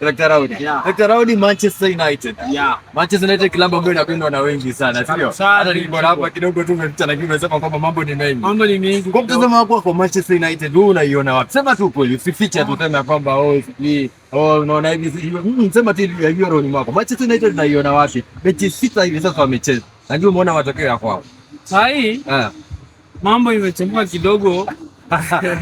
Raudi Manchester United. Yeah. Manchester United klabu ambayo inapendwa na wengi sana, sio? Hata nilipoona hapa kidogo tu umepita na kidogo kwamba mambo ni mengi. Mambo ni mengi. Kwa mtazamo wako kwa Manchester United wewe unaiona wapi? Sema tu kweli, usifiche tu sema kwamba oh sijui oh unaona hivi sijui. Mm, sema tu ya Euro ni mwako. Manchester United unaiona wapi? Mechi sita hivi sasa wamecheza. Najua umeona matokeo ya kwao. Sasa hii eh. mambo imechemka kidogo.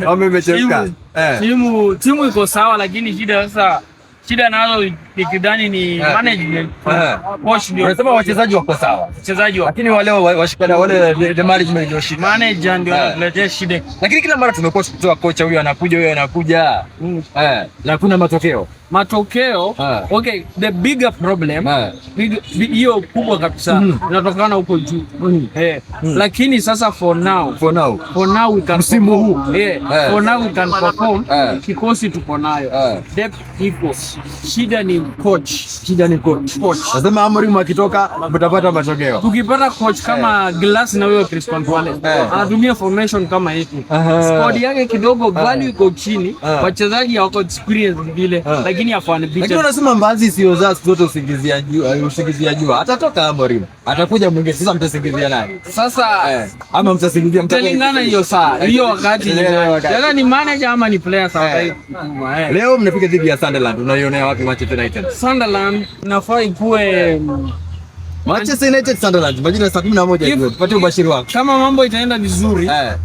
Wamemechemka. Eh. Timu timu iko sawa lakini shida sasa Tira nada, nikidhani ni eh. management. Eh. Coach ndio unasema wachezaji wako sawa, wachezaji lakini wale washikana wale the management ndio shida, manager ndio eh. anatuletea shida, lakini kila mara tumekuwa tukitoa kocha huyu anakuja huyu anakuja mm. eh, na kuna matokeo matokeo. ha. Okay, the bigger problem hiyo big, kubwa kabisa mm. inatokana huko juu mm. eh, lakini sasa for now for now for now we can msimu huu eh for now we can perform, kikosi tuko nayo depth equals shida ni coach shida ni coach coach. Nasema Amorim akitoka mtapata matokeo. Tukipata coach kama eh. Glass na huyo Crispin Pale eh. anatumia formation kama hivi, squad yake kidogo eh. value iko chini, wachezaji hawako experience vile, lakini afanye bicha. Lakini unasema Mbazi sio za siku zote usingizia juu, usingizia juu. Atatoka Amorim, atakuja mwingine. Sasa mtasingizia naye. Sasa ama mtasingizia mtakaye kulingana hiyo saa hiyo wakati ni ni manager ama ni player? Sasa leo mnapiga dhidi ya Sunderland, unaionea wapi Manchester United? Sunderland inafaa ikuwe um, Manchester United Sunderland, majina saa kumi na moja tupate ubashiri wako. Kama mambo itaenda vizuri, 3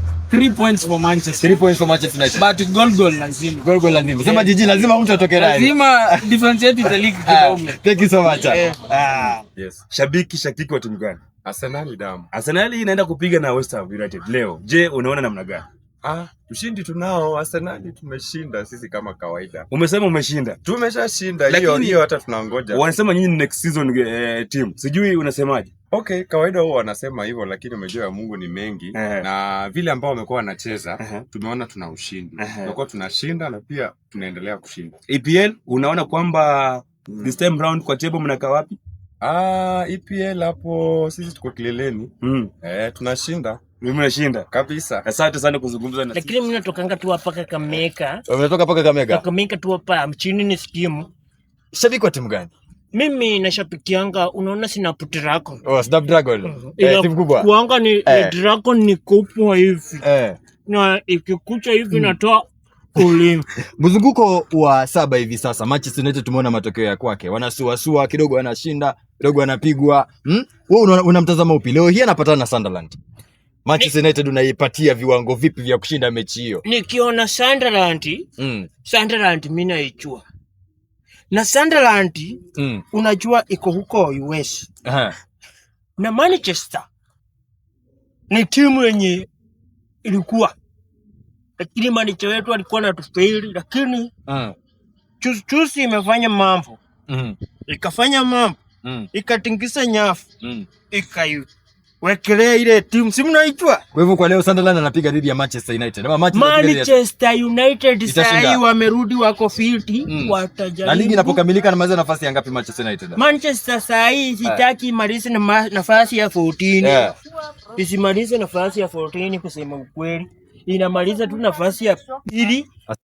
eh. points for Manchester, 3 points for Manchester United, but goal goal lazima, goal goal lazima. Sema jiji eh. lazima mtu atoke naye, lazima difference yetu italiki ah, kidogo. Thank you so much. Eh. Ah, yes. Shabiki shakiki wa timu gani? Arsenal damu. Arsenal inaenda kupiga na West Ham United leo. Je, unaona namna gani? Ah, ushindi tunao, Arsenal tumeshinda sisi kama kawaida. Umesema umeshinda, tumeshashinda hiyo hiyo, hata tunangoja. Wanasema nyinyi next season eh, team sijui unasemaje? Okay, kawaida huwa wanasema hivyo, lakini umejua ya Mungu ni mengi uh -huh. na vile ambao wamekuwa wanacheza uh -huh. tumeona tuna ushindi uh -huh. tunashinda na pia tunaendelea kushinda. EPL unaona kwamba hmm. this time round kwa table mnakaa wapi? Ah, EPL hapo sisi tuko kileleni Hmm. eh, tunashinda mimi nashinda. Kabisa. Asante sana kuzungumza na Lakini mimi natokanga tu hapa paka Kameka. hapa paka Kameka? Kameka tu hapa mchini ni skimu. Shabiki wa timu gani? Mimi nashabikianga, unaona Snapdragon. Oh, Snap Dragon. Mm. Eh, timu kubwa. Kuanga ni eh. eh. Dragon ni kubwa hivi. Eh. Na ikikucha hivi mm. natoa mzunguko wa saba hivi sasa, Manchester United tumeona matokeo ya kwake, wanasuasua kidogo, wanashinda kidogo, wanapigwa. Hmm? Wewe unamtazama una upi leo hii anapatana na Sunderland? Manchester United unaipatia viwango vipi vya kushinda mechi hiyo? Nikiona Sunderland, mm. Sunderland mimi naichua. Na Sunderland mm. unajua iko huko US. Aha. Na Manchester ni timu yenye ilikuwa lakini manicha wetu alikuwa na tufeli lakini mm. chusi imefanya mambo mm. ikafanya mambo mm. ikatingisa nyafu mm. ikaiu Wekelea ile timu si mnaitwa. Kwa hivyo kwa leo Sunderland anapiga dhidi ya Manchester United. Ama Manchester Manchester United sasa hivi wamerudi wako filti mm. Watajaribu. Na ligi inapokamilika na anamaliza nafasi ya ngapi Manchester United? Eh. Na? Manchester sasa hivi sitaki malize na nafasi ya 14. Yeah. Isimalize nafasi ya 14 kusema ukweli. Inamaliza tu nafasi ya pili.